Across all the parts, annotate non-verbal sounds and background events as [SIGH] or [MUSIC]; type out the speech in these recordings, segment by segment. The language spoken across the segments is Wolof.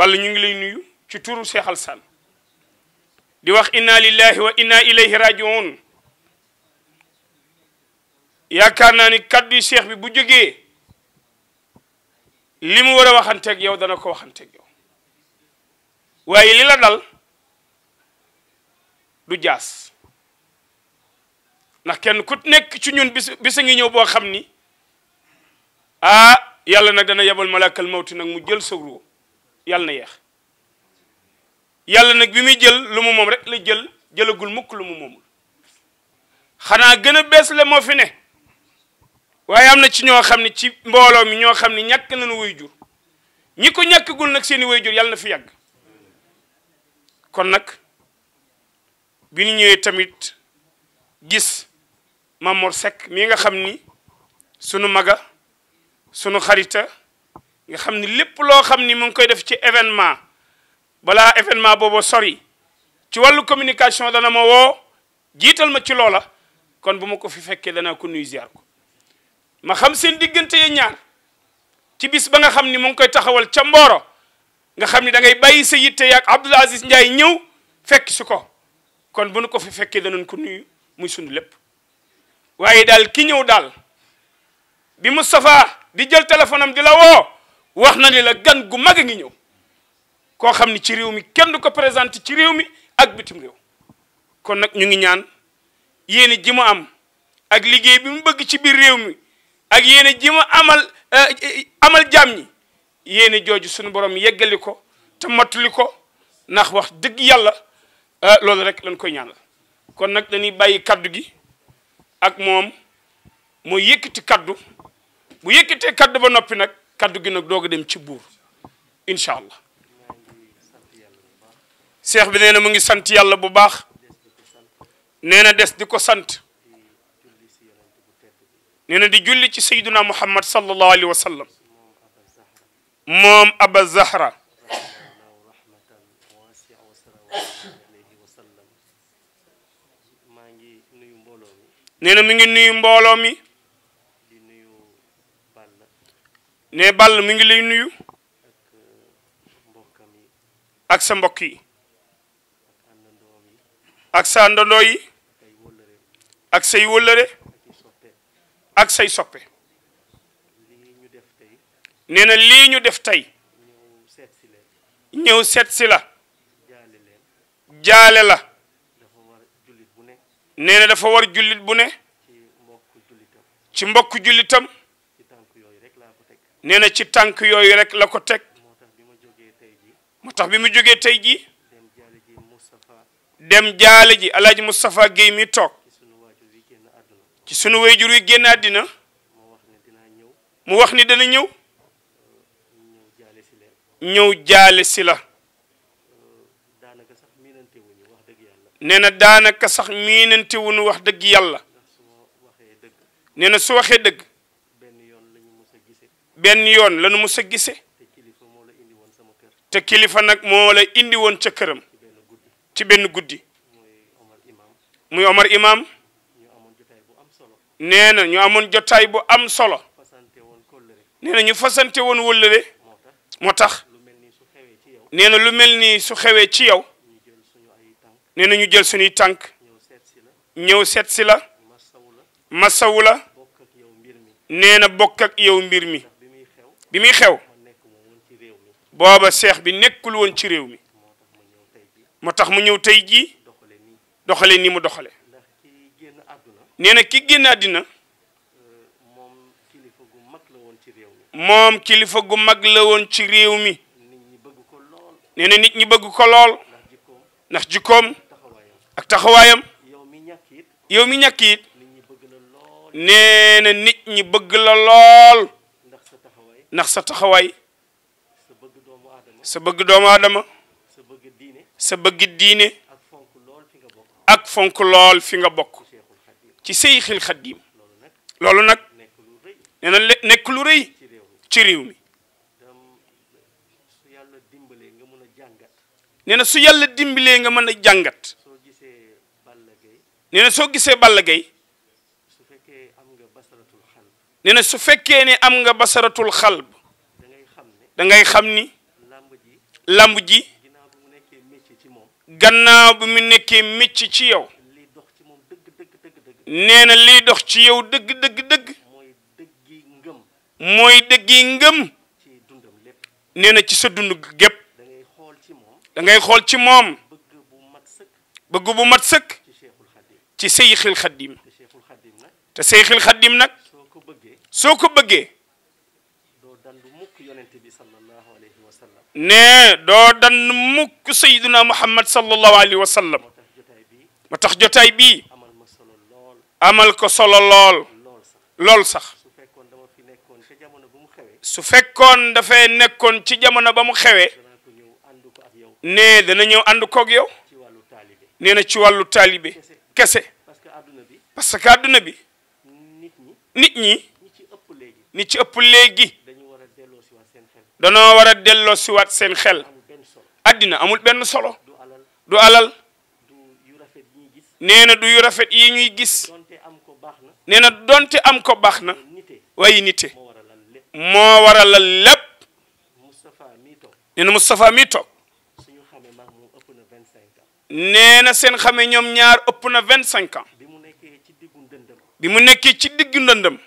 balla ñu ngi lay nuyu ci turu seexal Alassane di wax inna lillahi wa inna ilayhi rajiun yaakaar naa ni kaddu yu bi bu jógee li mu war a waxanteeg yow dana ko waxanteeg yow waaye li la dal du jaas ndax kenn ku nekk ci ñun bis bisa ngi ñëw boo xam ni ah yàlla nag dana yebal malakal mawti nag mu jël sa yàlla na yeex yàlla nag bi muy jël lu mu moom rek la jël jëlagul mukk lu mu moomul xanaa gën a bees la moo fi ne waaye am na ci ñoo xam ne ci mbooloo mi ñoo xam ne ñàkk nañu way jur ñi ko ñàkkagul nag seeni way jur yàlla na fi yàgg kon nag bi ñu ñëwee tamit gis Mamor sekk mii nga xam ni sunu maga sunu xarita nga xam ni lépp loo xam ni mu ngi koy def ci événement balaa événement boobu sori ci wàllu communication dana ma woo jiital ma ci loola kon bu ma ko fi fekkee dana ko nuyu ziar ko ma xam seen diggante ya ñaar ci bis ba nga xam ni mu ngi koy taxawal ca Mboro nga xam ni dangay ngay sa yitte yaag Abdoul Aziz Ndiaye ñëw fekk si ko kon bu nu ko fi fekkee dana ko nuyu muy sunu lépp waaye daal ki ñëw daal bi Moustapha di jël téléphone am di la woo wax na ni la gan gu mag a ngi ñëw koo xam ni ci réew mi kenn du ko présenté ci réew mi ak bitim réew kon nag ñu ngi ñaan yéene jima am ak liggéey bi mu bëgg ci biir réew mi ak yéene jima amal eh, amal jaam ñi yéene jooju suñu borom yeggali ko te mottali ko ndax wax dëgg yàlla eh, loolu rek lañ koy ñaanal kon nag dañuy bàyyi kaddu gi ak moom moo yëkkati kaddu bu yëkkatee kaddu ba noppi nag kaddu gi nag doog dem ci buur incha allah seex bi nee mu ngi sant yàlla bu baax nee na des di ko sant nee di julli ci sayduna muhammad sallallahu alayhi wa moom aba zahra nee mu ngi nuyu mbooloo ne Balla mi ngi lay nuyu ak sa mbokk yi ak sa àndandoo yi ak say wëllëre ak say soppe nee na lii ñu def tey ñëw seet si la jaale la nee na dafa war jullit bu ne ci mbokk jullitam nee na ci tànk yooyu rek la ko teg moo tax bi mu jógee tey ji dem jaale ji alaaji Moustapha Guèye mi toog ci sunu wayjur wi génn àddina mu wax ni dana ñëw ñëw jaale si la nee na daanaka sax miinante wuñu wax dëgg yàlla nee na su waxee dëgg benn yoon lanu mës a gise te kilifa nag moo la indi woon ca këram ci benn guddi muy Omar Imaam nee na ñu amoon jotaay bu am solo nee na ñu fasante woon wëllëre moo tax nee na lu mel ni su xewee ci yow nee na ñu jël suñuy tànk ñëw seet si la masawu la nee na bokk ak yow mbir mi bi muy xew booba seex bi nekkul woon ci réew mi moo tax mu ñëw tey jii doxale ni mu doxale nee na ki génn àddina moom kilifa gu mag la woon ci réew mi nee na nit ñi bëgg ko lool ndax jikkoom ak taxawaayam yow mi ñàkk it nee na nit ñi bëgg la lool ndax sa taxawaay sa bëgg doomu aadama sa bëgg diine ak fonk lool fi nga bokk ci Seyxul Xadiim loolu nag nee na nekk lu rëy ci réew mi nee na su yàlla dimbalee nga mën a jàngat nee na soo gisee Balla Gaye nee na su fekkee ne am nga basaratul xalb da ngay xam ni làmb ji gannaaw bi mu nekkee mécc ci yow nee na liy dox ci yow dëgg dëgg dëgg mooy dëgg yi ngëm nee na ci sa dund gépp da ngay xool ci moom bëgg bu mat sëkk ci seyxil xaddim te seyxil xaddim nag soo ko bëggee doo dandu mukk yonent bi sallallahu alayhi wa sallam ne doo dandu mukk sayyiduna muhammad sallallahu alayhi wa sallam moo tax jotaay bii amal ko solo lool lool sax su fekkoon dafay nekkoon ci jamono ba mu xewee ne dana ñëw ànd koog yow nee na ci wàllu taalibe kese parce que àdduna bi nit ñi ni ci ëpp léegi danoo war a delloo siwaat seen xel addina amul benn solo du alal nee na du yu rafet yi ñuy gis nee na donte am ko baax na waaye nite moo waral la lépp nee na Moustapha mi toog nee na seen xame ñoom ñaar ëpp na vingt cinq ans bi mu nekkee ci diggu ndëndëm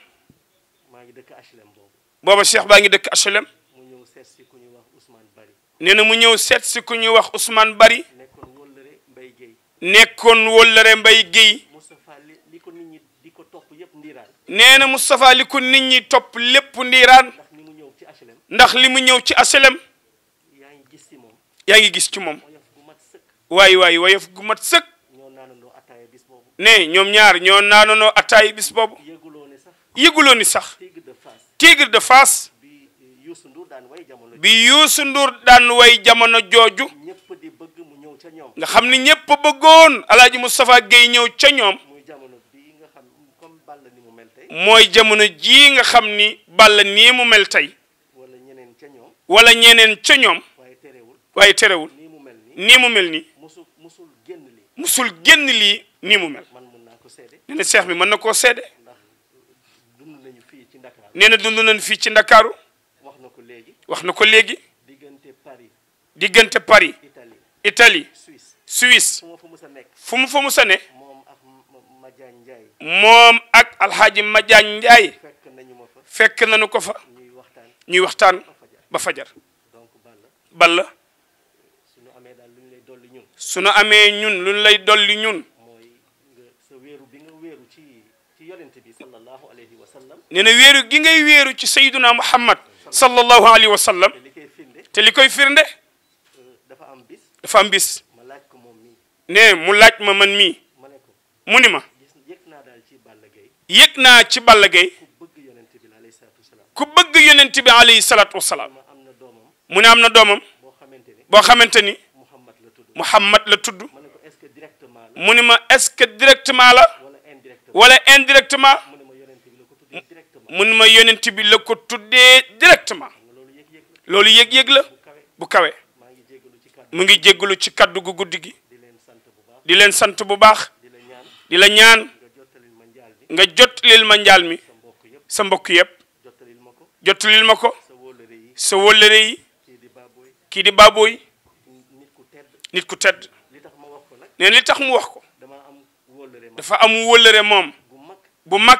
booba cheikh baa ngi dëkk HLM. mu ñëw seet si ku ñuy wax Ousmane Bari. nee na mu ñëw seet si ku ñuy wax Ousmane Bari. nekkoon wóllëre Mbaye Guèye. nekkoon wóllëre Mbaye Guèye. Moustapha li ko nit ñi di ko topp yëpp ndiiraan. nee na Moustapha li ko nit ñi topp lépp ndiiraan. ndax li mu ñëw ci HLM. ndax li mu ñëw ci HLM. yaa ngi gis ci moom. yaa ngi gis ci moom. waay waay woyof gu mat sëkk. ne ñoom ñaar ñoo naanonoo attaay bis boobu. yëguloo ni sax. tigre de Fass bi Youssou Ndour daan way jamono bi Youssou Ndour daan way jamono jooju ñëpp di bëgg mu ñëw ca ñoom nga xam ni ñëpp bëggoon Alaaji Moustapha Guèye ñëw ca ñoom muy jamono bi nga xam comme Balla ni mu mooy jamono jii nga xam ni Balla nii mu mel tey wala ñeneen ca ñoom wala ñeneen ca ñoom waaye terewul waaye terewul nii mu mel ni nii mel nii musul musul génn li musul génn lii nii mu mel man mën naa seex bi mën na koo seede nee na dund nañ fii ci Ndakaaru. wax na ko léegi. wax na ko léegi. diggante Paris. diggante Paris. Italie Italie. Suisse Suisse. fu mu fa mus a nekk mu fa ne. moom ak Madiagne moom ak Alxaaji Madiagne Ndiaye. fekk nañu ma fekk nañu ko fa. ñuy waxtaan ñuy waxtaan ba fajar. donc Balla. Balla. suñu amee daal luñ lay dolli ñun. suñu amee ñun luñ lay dolli ñun. mooy sa bi nga wéeru ci ci bi nee na wéeru gi ngay weeru ci sayyiduna muhammad sallallahu alayhi wa sallam te li koy firnde euh, dafa am bis dafa am bis ne mu laaj ma man mii mu ni ma yëg naa ci Balla Gaye ku bëgg yonent bi alayhi salaatu wasalaam mu ne am na doomam boo xamante ni Muhammad la tudd mu ni ma est-ce que directement la wala indirectement mun ma yonent bi la ko tuddee directement loolu yëg-yëg la bu kawe mu ngi jéggalu ci kaddu gu guddi gi di leen sant bu baax di la ñaan nga jottalil ma njaal mi sa mbokk yëpp jottalil ma ko sa wóllëre yi kii di baabooy nit ku tedd neen li tax mu wax ko dafa am wóllëre moom bu mag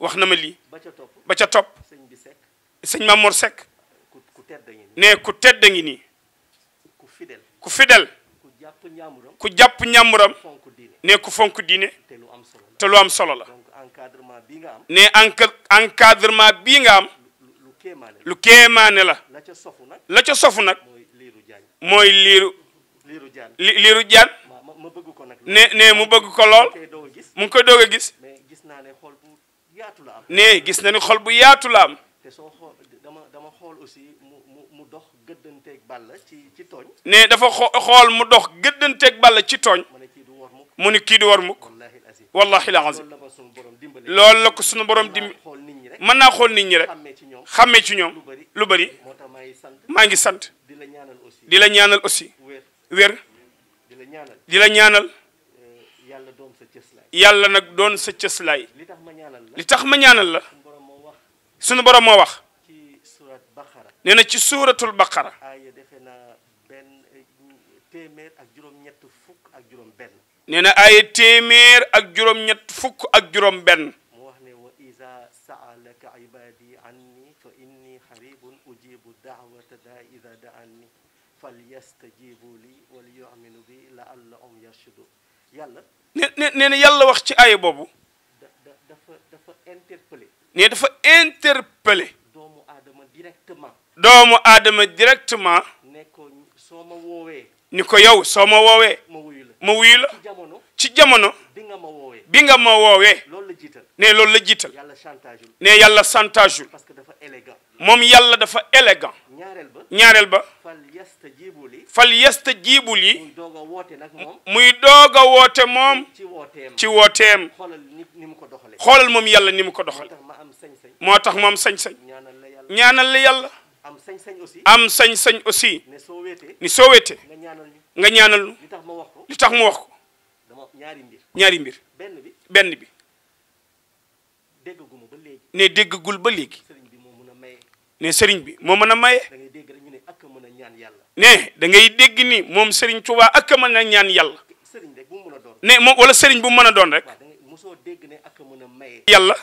wax na ma lii ba ca topp sëñ Mamour Seck ne ku tedd ngi nii ku fidèle ku jàpp ñàmburam ne ku fonk diine te lu am solo la ne encadrement bi nga am lu kéemaane la la ca sofu nag mooy liiru liiru jaan ne ne mu bëgg ko lool mu ngi koy doog a gis yaatu la ne gis na ni xol bu yaatu la am. te soo xool dama xool aussi mu mu dox gëddanteeg Balla ci ci tooñ. ne dafa xool mu dox gëddanteeg Balla ci tooñ. mu ni kii di war mukk wallahi la azim loolu la ko suñu borom dimbi mën naa xool nit ñi rek xàmmee ci ñoom lu bëri maa ngi sant di la ñaanal aussi wér di la ñaanal eh, yàlla nag doon sa cëslaay li tax ma ñaanal la sunu borom moo wax nee na ci suuratul baqara nee na aaya téeméer ak juróom-ñett fukk ak juróom-benn. nee na yàlla wax ci aaya boobu. dafa dafa interpellé. ne dafa interpellé. doomu aadama directement. doomu aadama directement. ne soo ma woowee. ni ko yow soo ma woowee. ma wuyu la ma la. ci jamono ci jamono. bi nga ma woowe bi nga ma woowee. loolu la jiital ne loolu la jiital. yàlla chantage ne yàlla chantage. parce que dafa élégant. moom yàlla dafa élégant. ñaareel ba ñaareel ba. fal yastajibu li. fal muy doog woote moom. ci wooteem xoolal moom yàlla ni mu ko doxal moo tax moom sañ-sañ ñaanal la yàlla am sañ-sañ aussi am sañ-sañ aussi ni soo weetee nga ñaanal lu li tax ma wax ko ñaari mbir benn bi ne déggagul ba léegi ne sëriñ bi moo mën a maye ne da ngay dégg ni moom sëriñ Tuubaa ak a mën a ñaan yàlla ne moom wala sëriñ bu mu mën a doon rek mosoo dégg ne ak mën a maye. yàlla.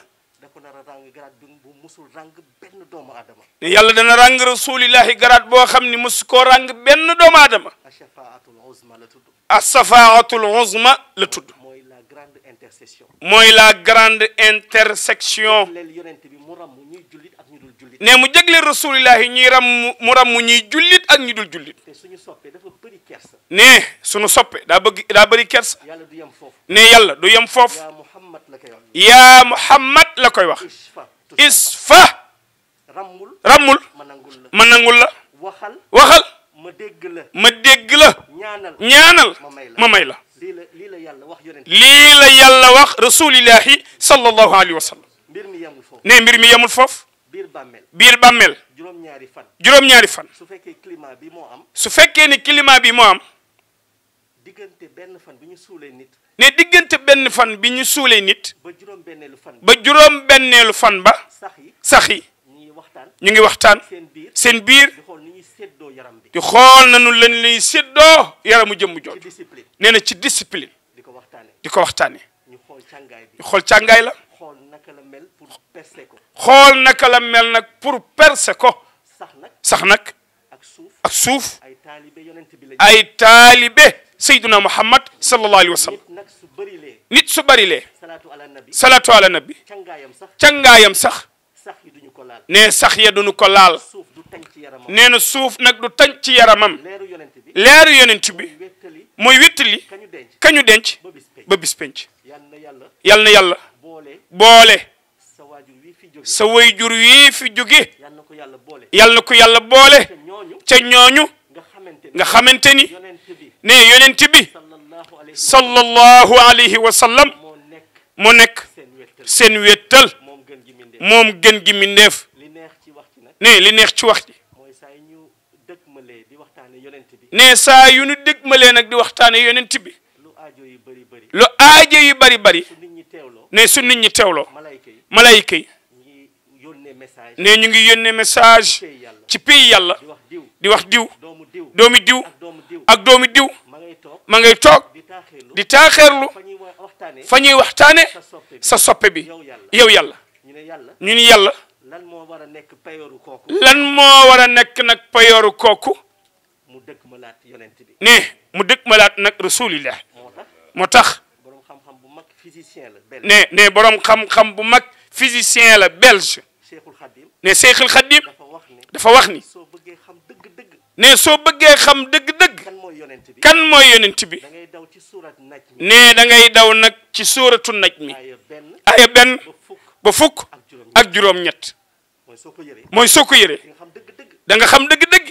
dafa nar a ràng garaat bu musul ràng benn doomu aadama. ne yàlla dana ràng rasulillahi garaat boo xam ni mosu koo ràng benn doomu aadama. asafaatul uzma la tudd. asafaatul uzma la tudd. mooy la grande intersection. mooy la grande intersection. ne mu jagleel rasulillahi ñuy ram mu ram ñuy jullit ak ñu dul jullit. ne suñu soppe dafa bëri kersa. ne suñu soppe daa bëgg daa bëri kersa. ne yàlla du yem foofu. yaa muhammad la koy wax isfa rammul ma nangul la waxal ma dégg la ma dégg la ñaanal ma may la lii la yàlla wax rasulillahi sallallahu alayhi wa sallam ne mbir mi yemul foofu biir bàmmeel juróom-ñaari fan juróom-ñaari fan su fekkee climat bi moo am su fekkee ni climat bi moo am diggante benn fan bi ñu suulee nit ne diggante benn fan bi ñu suulee nit ba juróom benneelu fan ba sax yi ñu ngi waxtaan seen biir di xool nañu lañ lay séddoo yaramu jëmm jooju nee na ci discipline di ko waxtaane ñu xool càngaay la xool naka la mel nag pour perse ko sax nag ak suuf ay taalibe sayduna muhammad sallallahu alayhi wa sallam nit su bëri lee salaatu ala nabi cangaayam sax ne sax ya duñu ko laal nee na suuf nag du tañ ci yaramam leeru yonent bi mooy wéttali kañu denc ba bis penc yal na yàlla boole sa wayjur wii fi jóge yal na ko yàlla boole ca ñooñu nga xamante ni ne yonent bi sallallahu alayhi wa sallam mu nekk seen wéttal moom gën gi mindeef ne li neex ci wax ji ne saa yu nu dëgmalee nag di waxtaane yonent bi lu aajo yu bari bari ne su nit ñi teewloo malayka yi ne ñu ngi yónnee message ci pays yàlla di wax diw doomu diw ak doomi diw ma ngay toog di taaxeerlu fa ñuy waxtaane sa soppe bi yow yàlla ñu ni yàlla lan moo war a nekk payooru kooku lan moo war a nekk nag payooru kooku mu dëkk ma laat yonent bi ne mu dëkk ma laat nag rasulillah moo tax borom xam bu mag physicien la belge ne ne borom xam-xam bu mag physicien la belge Cheikhul Khadim ne Cheikhul Khadim dafa wax ni dafa wax ne soo bëggee xam dëgg-dëgg kan mooy yonent bi ne da ngay daw nag ci suuratu naj mi aya benn ba fukk ak juróom-ñett mooy soo ko yëree da nga xam dëgg-dëgg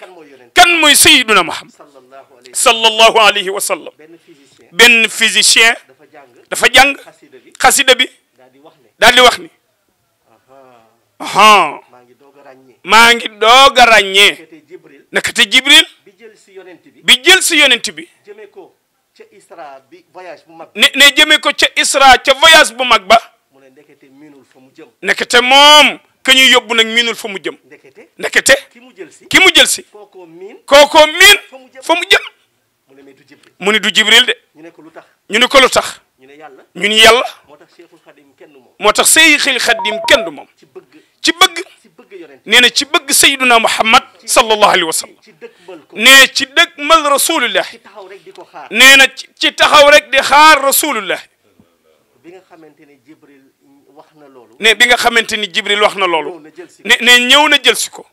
kan mooy sayiduna Muhammad sallallahu alayhi wa ben benn physicien dafa jàng xasida bi daal di wax ni maa ngi doog a ràññee naka Jibril bi jël si yonent bi jëmee ko ca Isra bi voyage bu mag ne ne jëmee ko ca Isra ca voyage bu mag ba mu ne ndekete miinul fa mu jëm ndekete moom ka ñuy yóbbu nag miinul fo mu jëm ndekete ndekete ki mu jël si ki mu jël si kookoo miin kookoo miin fa mu jëm mu ne du Jibril mu ne du Jibril de ñu ne ko lu tax ñu ne ko lu tax ñu ne yàlla ñu ne yàlla moo tax Seexul Xadim kenn du moom moo tax Seexul Xadim kenn du moom ci bëgg ci bëgg nee na ci bëgg Sayyiduna Muhammad sallallahu alayhi wa sallam nee ci dëgmal rasulullah nee na ci taxaw rek di xaar rasulullah bi nga xamante ni jibril wax na loolu ne bi nga xamante ni jibril wax na loolu ne ne ñëw na jël si ko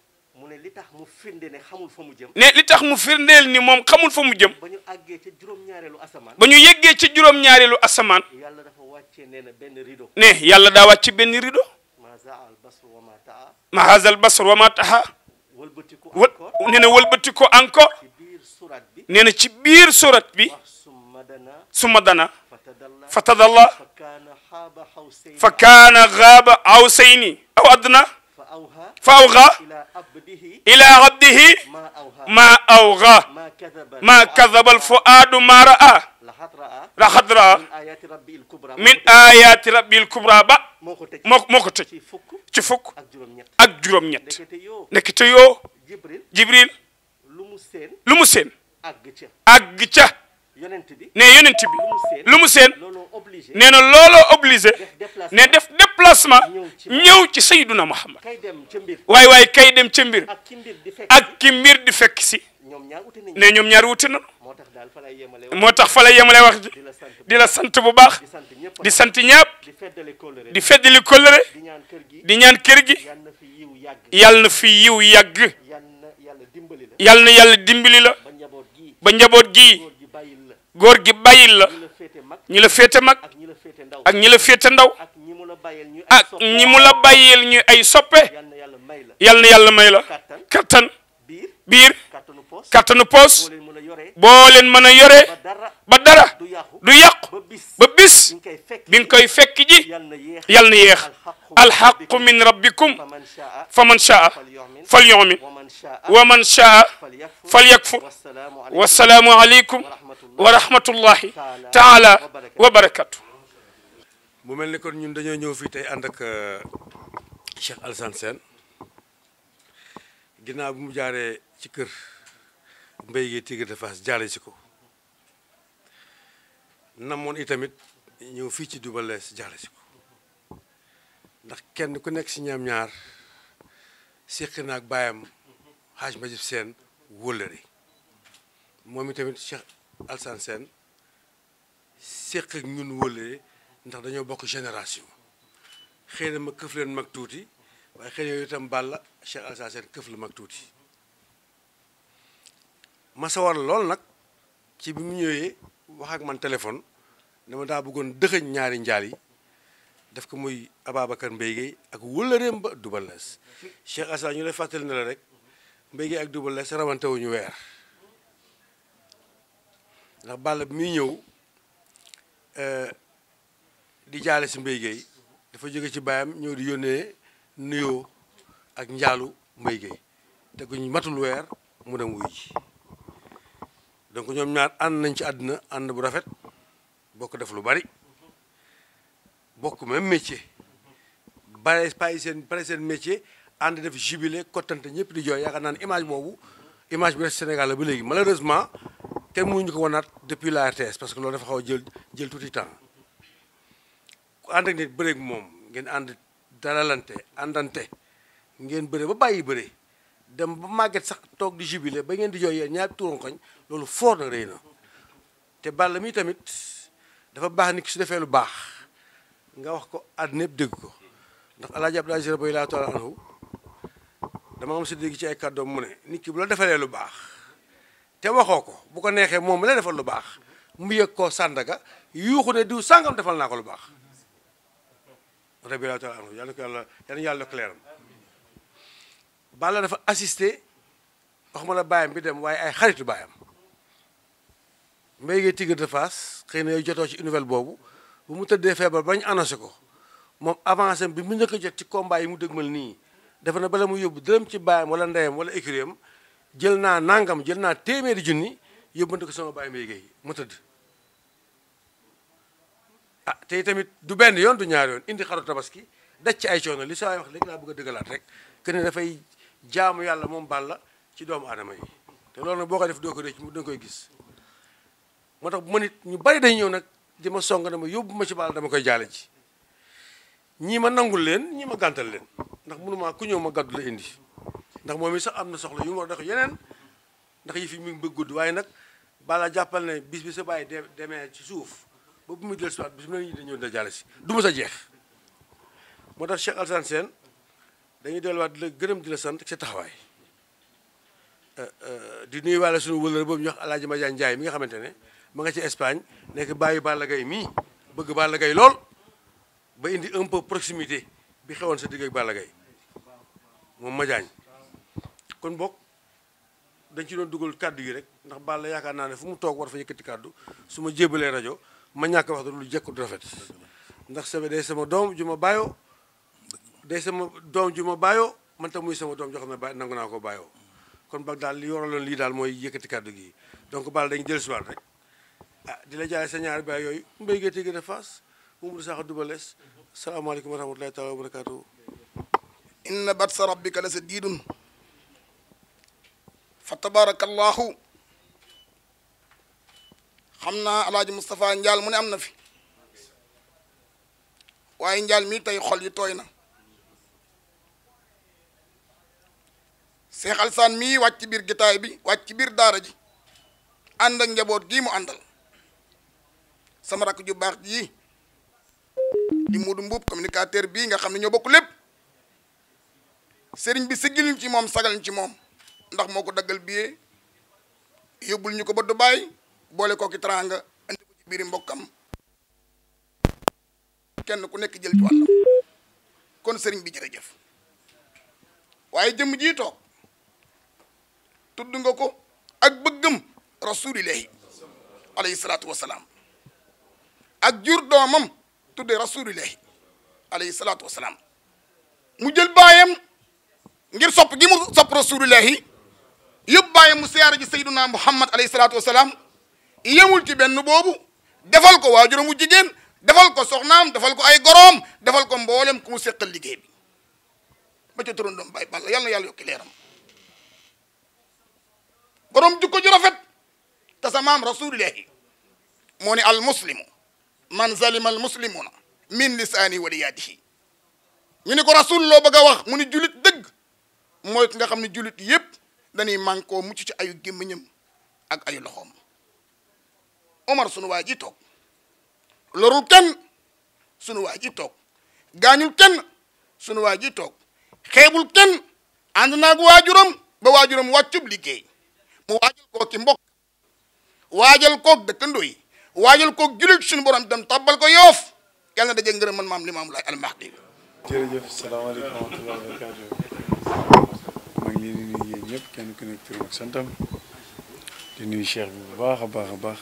li tax mu firndeel ne xamul fa mu jëm. ne li tax mu firndeel ni moom xamul fa mu jëm. ba ñu àggee ca juróom-ñaareelu asamaan. ba ñu yeggee ci juróom-ñaareelu asamaan. yàlla dafa wàccee nee na benn rido. ne yàlla daa wàcce benn rido. ma basru wa taha. ma nee na wëlbati ko encore nee na ci biir surat bi summa dana fa tadalla fa kaana xaaba xawsayni aw adna fa awxa ila abdihi ma awxa ma kadaba alfuaadu ma raa laxad raa min ayaati rabbi lkubra ba moo moo ko tëj ci fukk ak juróom-ñett nekkite yoo jibril lu mu seen lu mu seen àgg ca ne yonent bi lu mu seen nee na looloo obligé ne def déplacement ñëw ci sayduna muhammad waay waay kay dem ca mbir ak ki mbir di fekk si ne ñoom ñaar wuti na moo tax fa la yemale wax ji di la sant bu baax di sant ñaap di feddali kóllëre di ñaan kër gi yàlla na fi yiw yàgg yal na yàlla dimbali la ba njaboot gii góor gi bàyyil la ñi la féete mag ak ñi la féete ndaw ak ñi mu la bàyyil ñu ay soppe yal na yàlla may la kattan biir kattanu poos boo leen mën a yoree ba dara du yàqu ba bis bi nga koy fekk ji yal na yéex alxaqu min rabbikum fa man shaa fal yu'min wa man shaa falyakfur wassalaamu aleykum wa taala wa mu mel ni kon ñun dañoo ñëw fii tey ànd ak euh, Cheikh Alassane Sène ginnaaw bi mu jaaree ci kër mbéy gi Tigre de Fass jaare si ko namoon itamit ñëw fii ci dubal Less jaare si ko ndax kenn ku nekk si ñaam ñaar na ak baayam xaaj Majib seen wóllëre moom i tamit Cheikh Alsane Sène séq ak ñun wóllëre ndax dañoo bokk génération xëy na ma këf leen mag tuuti waaye xëy na yooyu itam Balla Cheikh Alsane këf la mag tuuti ma sawar lool nag ci bi mu ñëwee wax ak man téléphone dama daa bëggoon dëxëñ ñaari njaal yi def ko muy Ababacar Mbaye Guèye ak wëllëreem ba Double Less Cheikh ñu lay fàttali ne la rek Mbaye Guèye ak Double Less rawante wu ñu weer ndax Balla bi muy ñëw euh, di jaale si Mbaye Guèye dafa jóge ci baayam ñëw di yónnee nuyoo ak njaalu Mbaye Guèye te ku ñu matul weer mu dem wuy ji donc ñoom ñaar ànd nañ ci àddina ànd bu rafet bokk def lu bari bokk même métier bare pay seen pare seen métier ànd def jubilé kottante ñëpp di jooy yaakaar naa ne image boobu image bi reste Sénégal la ba léegi malheureusement te mu ñu ko wanaat depuis la RTS parce que loolu dafa xaw jël jël tuuti temps ku ànd ak nit bëreeg moom ngeen ànd dalalante àndante ngeen bëre ba bàyyi bëre dem ba màgget sax toog di jubilé ba ngeen di jooy yéen ñaar turon loolu foor na rëy na te Balla mi tamit dafa baax ni ki su defee lu baax nga wax ko àddina yëpp dégg ko ndax alaaji Abdoulaye Sylla laa taala anhu dama am si dégg ci ay kàddoom mu ne nit ki bu la defalee lu baax te waxoo ko bu ko neexee moom mu la defal lu baax mu yëg koo sàndaga yuuxu ne diw sàngam defal naa ko lu baax rabi laa taala anhu yàlla ko yàlla yàlla yàlla ko leeram la baayam bi dem waaye ay xaritu baayam mbéy gee tigga de face xëy na jotoo ci nouvelle boobu bu mu tëddee feebar bañ annoncé ko moom avancé bi mu njëkk a jot ci combat yi mu dëgmal nii dafa ne bala mu yóbbu dërëm ci baayam wala ndeyam wala écuréem jël naa nàngam jël naa téeméeri junni yóbbante ko sama baay Mbaye Guèye mu tëdd ah tey tamit du benn yoon du ñaar yoon indi xaru tabaski daj ci ay coono li saa wax léegi naa bëgg a dëggalaat rek que dafay jaamu yàlla moom Balla ci doomu aadama yi te lool nag boo ko def doo ko rëcc mu da koy gis ma nit ñu bari dañ ñëw nag di ma song na ma yóbbu ma ci baal dama koy jaale ji ñii ma nangul leen ñii ma gàntal leen ndax mënumaa ku ñëw ma gàddu la indi ndax moom i sax am na soxla yu ma war yeneen ndax yi fi mi ngi bëgg gudd waaye nag balaa jàppal ne bis bi sa bàyyi de demee ci suuf ba bu muy del siwaat bis mu ne ñi dañëw jaale si du ma sa jeex moo tax Cheikh Alassane Sène dañuy delluwaat di la gërëm di la sant ak sa taxawaay euh, euh, di nuyu waale suñu wëlër boobu ñu wax Alaaji Madiagne Ndiaye mi nga xamante ne mu nga ci Espagne nekk bàyyi Balla gay mii bëgg Balla Gaye lool ba indi un peu proximité bi xewoon sa digg ak Balla gay moom Madiagne kon bokk dañ ci doon dugal kàddu yi rek ndax Balla yaakaar naa ne fu mu toog war fa yëkkati kàddu su ma jébalee rajo ma ñàkk wax lu jekku du rafet ndax sama day sama doom ju ma bàyyoo day sama doom ju ma bàyyoo man tam muy sama doom joo xam ne ba nangu naa ko bàyyoo kon ba daal li yoraloon lii daal mooy yëkkati kàddu gi donc Balla dañ dellusiwaat rek ah di la jaay sa ñaari baay yooyu mbéy gerte gi de Fass Mamadou Sakho Double Less salaamaaleykum wa rahmatulahi taala wa barakaatu. inna batsa rabbika la sadiidun fa tabarakallahu xam naa alaaji Moustapha Njaal mu am na fi waaye Njaal mii tay xol yi tooy na Seex Alsaan mii wàcc ci biir gitaay bi wàcc ci biir daara ji ànd ak njaboot gii mu àndal sama rakk ju baax ji di Modou Mboup communicateur bii nga xam ne ñoo bokk lépp sëriñ bi siggiluñ ci moom sagal ñu ci moom ndax moo ko daggal billet yóbbul ñu ko ba Dubaay boole kooki teraanga andi ko ci biiri mbokkam kenn ku nekk jël ci wàllam kon sëriñ bi jërëjëf waaye jëm jii toog tudd nga ko ak bëggëm rasulillahi alayhi salaatu wasalaam ak jur doomam tudde rasulillahi alayhi salaatu wasalaam mu jël baayam ngir sopp gi mu sopp rasulillahi yëpp baayam mu siyaara ji sayduna muhammad alayhi salaatu wasalaam yemul ci benn boobu defal ko waajuram mu jigéen defal ko soxnaam defal ko ay goroom defal ko mboolem ku mu seqal liggéey bi ba ca turandoom Baay Balla yàlla na yàlla yokki leeram borom jukko ju rafet te sa maam rasulillahi moo ne al man zalima al muslimuna min lisaani wa liyaadihi ñu ni ko rasul loo bëgg a wax mu ni julit dëgg mooy ki nga xam ne julit yépp dañuy mànkoo mucc ci ayu gémmiñam ak ayu loxoom omar sunu waa ji toog lorul kenn sunu waa toog gaañul kenn sunu waa ji toog xeebul kenn ànd naag waajuram ba waajuram wàccub liggéey mu waajal koog ci mbokk waajal koog dëkkandoo yi waajal ko julit suñu borom itam tabbal ko yoof kenn na ngërëm man maam Limaamu Laay al-Mahdi. jërëjëf di nuyu yéen kenn ku nekk turam ak santam di nuyu bi baax a baax a baax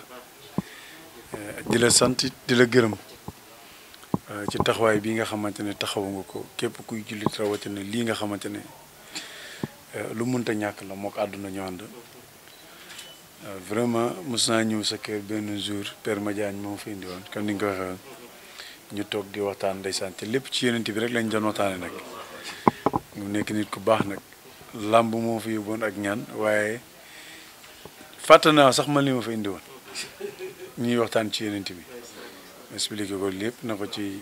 eh, di la sant di la gërëm eh, ci taxawaay bi nga xamante ne taxawu ko képp kuy jullit rawatina lii nga xamante ne eh, lu mënta ñàkk la mook àdduna ñu ànd. waaw euh, vraiment mus naa ñëw sa kër benn jour Père moom fi indi woon comme ni nga ko waxee ñu toog di waxtaan ndeysaan te lépp ci yeneen bi rek lañ doon waxtaanee nag mu nekk nit ku baax nag làmb moo fi yóbboon ak ñaan waaye fàtte naa sax man li ma fa indiwoon ñuy waxtaan ci yeneen bi expliqué ko lépp na ko ci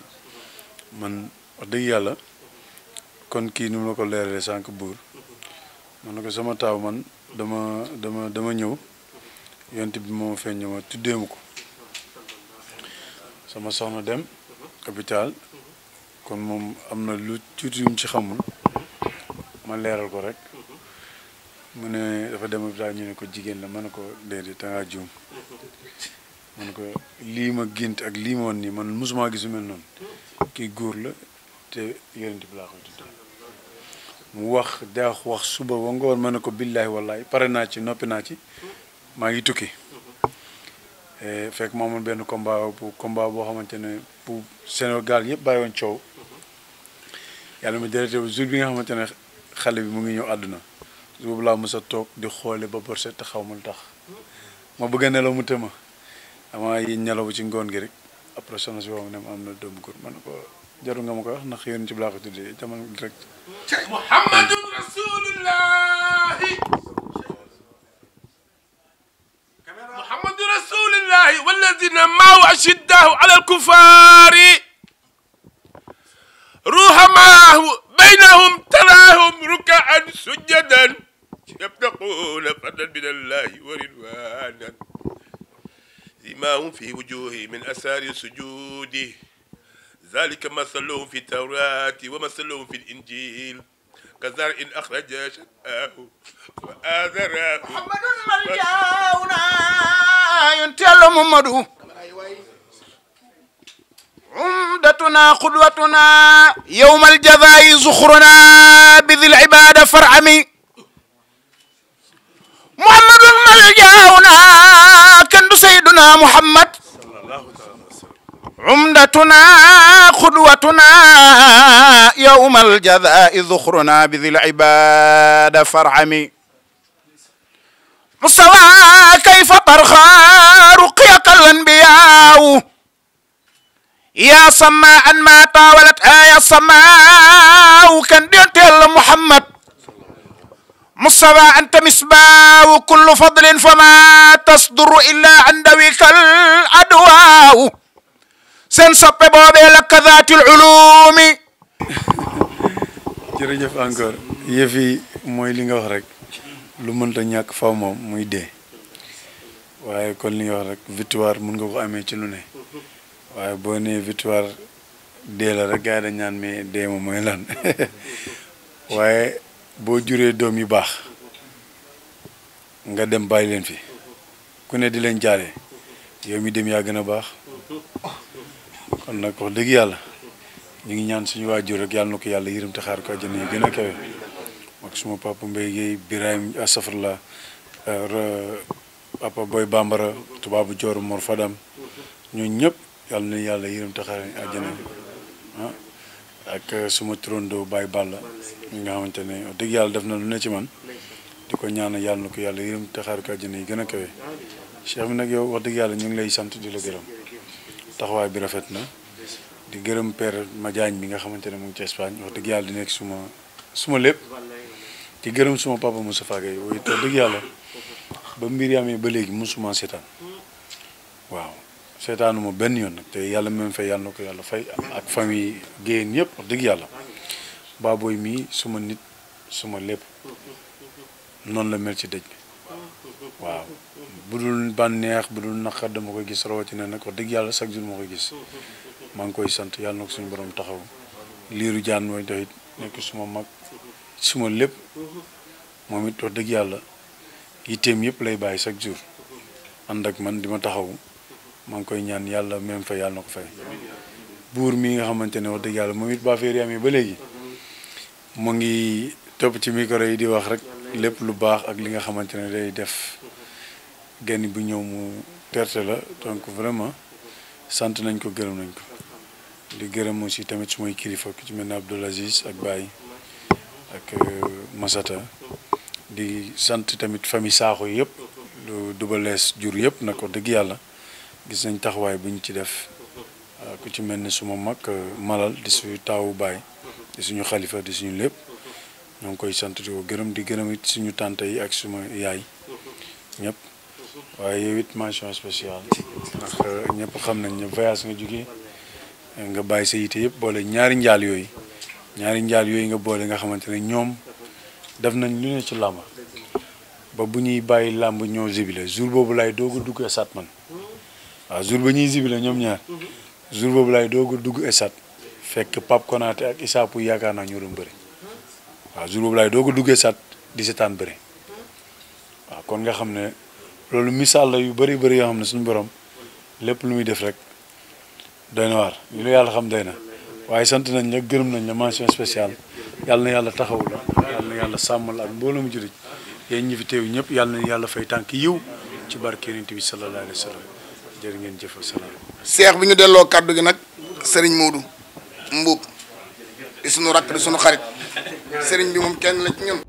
man dégg yàlla kon kii nu ma ko leeralee sànq buur man na ko sama taaw man dama dama dama ñëw. yonent bi moo feeñ ñu ma tuddee ko sama soxna dem hôpital kon moom am na lu tuuti yum ci xamul ma leeral ko rek mu ne dafa dem hôpital ñu ne ko jigéen la ma ne ko déedéet dangaa juum mën ko lii ma gént ak lii ma woon nii man mosuma gis mel noonu kii góor la te yonent bi laa koy tuddee mu wax daax wax suba ba ngoon ma ne ko billaahi wallaahi pare naa ci noppi naa ci maa ngi tukki eh, fekk ma benn combat bu combat boo xamante ne bu gaal yëpp bàyyi woon coow yàlla ma jërëjëf jour bi nga xamante ne xale bi mu ngi ñëw àdduna jour laa mësa toog di xoole ba borset te xaw ma lu tax ma bëgg a nelaw mu tëma avant yi ñelaw ci ngoon gi rek après soxna si waxoon ne ma am na doomu góor ma ko jaru nga ma ko wax ndax yéen ci bi laa ko tuddee jamono direct Muhammadu Rasulullahi alladina maahu ashiddahu ala alkufaari ruhamaahu baynahum taraahum rukaan sujjadan yabtaquuna fadlan min allahi wa ridwanan simaahum fi wujuhi min asaari sujudi zalika masaluhum fi tawrati wa masaluhum fi linjil كزرع أخرج شتاه وآذراه محمد مرجعنا ينتل محمد عمدتنا قدوتنا يوم الجزاء زخرنا بذي العبادة فرعمي محمد مرجعنا كند سيدنا محمد عمدتنا قدوتنا يوم الجزاء ذخرنا بذي العباد فرعمي مستوى كيف ترخى رقيق الانبياء يا سماء ما طاولت يا سماء كان ديتل محمد مصطفى أنت مسباء كل فضل فما تصدر إلا عندك الأدواء seen soppe boobee la kadaatul ulumi jërëjëf encore yëf yi mooy li nga wax rek lu mënta ñàkk faw moom muy dee waaye kon li nga wax rek victoire mun nga ko amee ci lu ne waaye boo nee victoire dee rek gars yi dañ naan mais dee moom mooy lan [LAUGHS] waaye boo juree doom yu baax nga dem bàyyi leen fi ku ne di leen jaale yow mi dem yaa gën a baax kon nag wax dégg yàlla ñu ngi ñaan suñu waajur rek yàlla na ko yàlla yërëm te xaar ko àjjana yi gën a kawe ak suma papa Mbaye Guèye euh, tubaabu Joor Mor Fadam ñëpp yàlla na yàlla yërëm te xaar àjjana ah ak euh, suma turandoo Baye Balla mi xamante ne wax yàlla def na ci man ko ñaanal yàlla na yàlla yërëm te yi gën a nag yow wax dëgg yàlla ñu ngi lay sant di la gërëm taxawaay bi rafet na. di gërëm père Madiagne bi nga xamante ne mu ngi ci Espagne wax dëgg yàlla nekk suma suma lépp gërëm suma papa Moustapha dëgg yàlla ba mbir yi ba léegi musuma seetaan waaw seetaanuma benn yoon nag te yàlla même fay yàlla na ko yàlla fay ak famille géyeen yëpp wax dëgg yàlla baabooy mii suma nit suma lépp noonu la mel ci dëj waaw bu dul bànneex bu dul naqar dama koy gis rawatina nag wax dëgg yàlla chaque jour ma koy gis maa ngi koy sant yàlla na ko suñu borom taxaw liiru jaan mooy doxit nekk suma mag suma lépp moom it wax dëgg yàlla yitteem yëpp lay bàyyi chaque jour ànd ak man di ma taxaw maa ngi koy ñaan yàlla même fa yàlla na ko fay buur mi nga xamante ne wax dëgg yàlla moom it ba affaire yi amee ba léegi mu ngi topp ci micro yi di wax rek lépp lu baax ak li nga xamante ne day def genn bu ñëw mu perte la donc vraiment sant nañ ko gërëm nañ ko di gërëm aussi tamit sumay kilifa ku ci mel ne Abdoul Aziz ak Baye ak euh, Masata di sant tamit famille Sakho yëpp lu dubalees jur yëpp na ko dëgg yàlla gis nañ taxawaay bu ñu ci def euh, ku ci mel ni suma mag euh, Malal di suñu taawu Baye di suñu xalifa di suñu lépp ñoo ngi koy sant di gërëm di gërëm it suñu tante yi ak suma yaay ñëpp waaye yow it mention spéciale ndax xam nañ ne nga jógee. nga bàyyi sa yite yëpp boole ñaari njaal yooyu ñaari njaal yooyu nga boole nga xamante ne ñoom def nañ lu ne ci làmb ba bu ñuy bàyyi làmb ñoo jibile jour boobu laay doog a dugg esat man waaw jour ba ñuy jibile ñoom ñaar jour boobu laay doog a dugg esat fekk Pape Konaté ak Isaapu yaakaar naa ñoo doon bëri waaw jour boobu laay doog a dugg esat di seetaan bëri waaw kon nga xam ne loolu misaal la yu bëri bëri yoo xam ne suñu borom lépp lu muy def rek. doy na waar yàlla xam doy na waaye sant nañ la gërëm nañ la mention spéciale yàlla na yàlla taxaw la yàlla na yàlla sàmm la ak mbooloo mu jurit yéen ñi fi teew ñëpp yàlla na yàlla fay tànk yiw ci barke yonent bi sallallahu alayhi wa sallam ngeen jëf salaam. seex bi ñu delloo kàddu gi nag sëriñ Moodu Mbuub di sunu rakk di sunu xarit sëriñ bi moom kenn la ci ñun.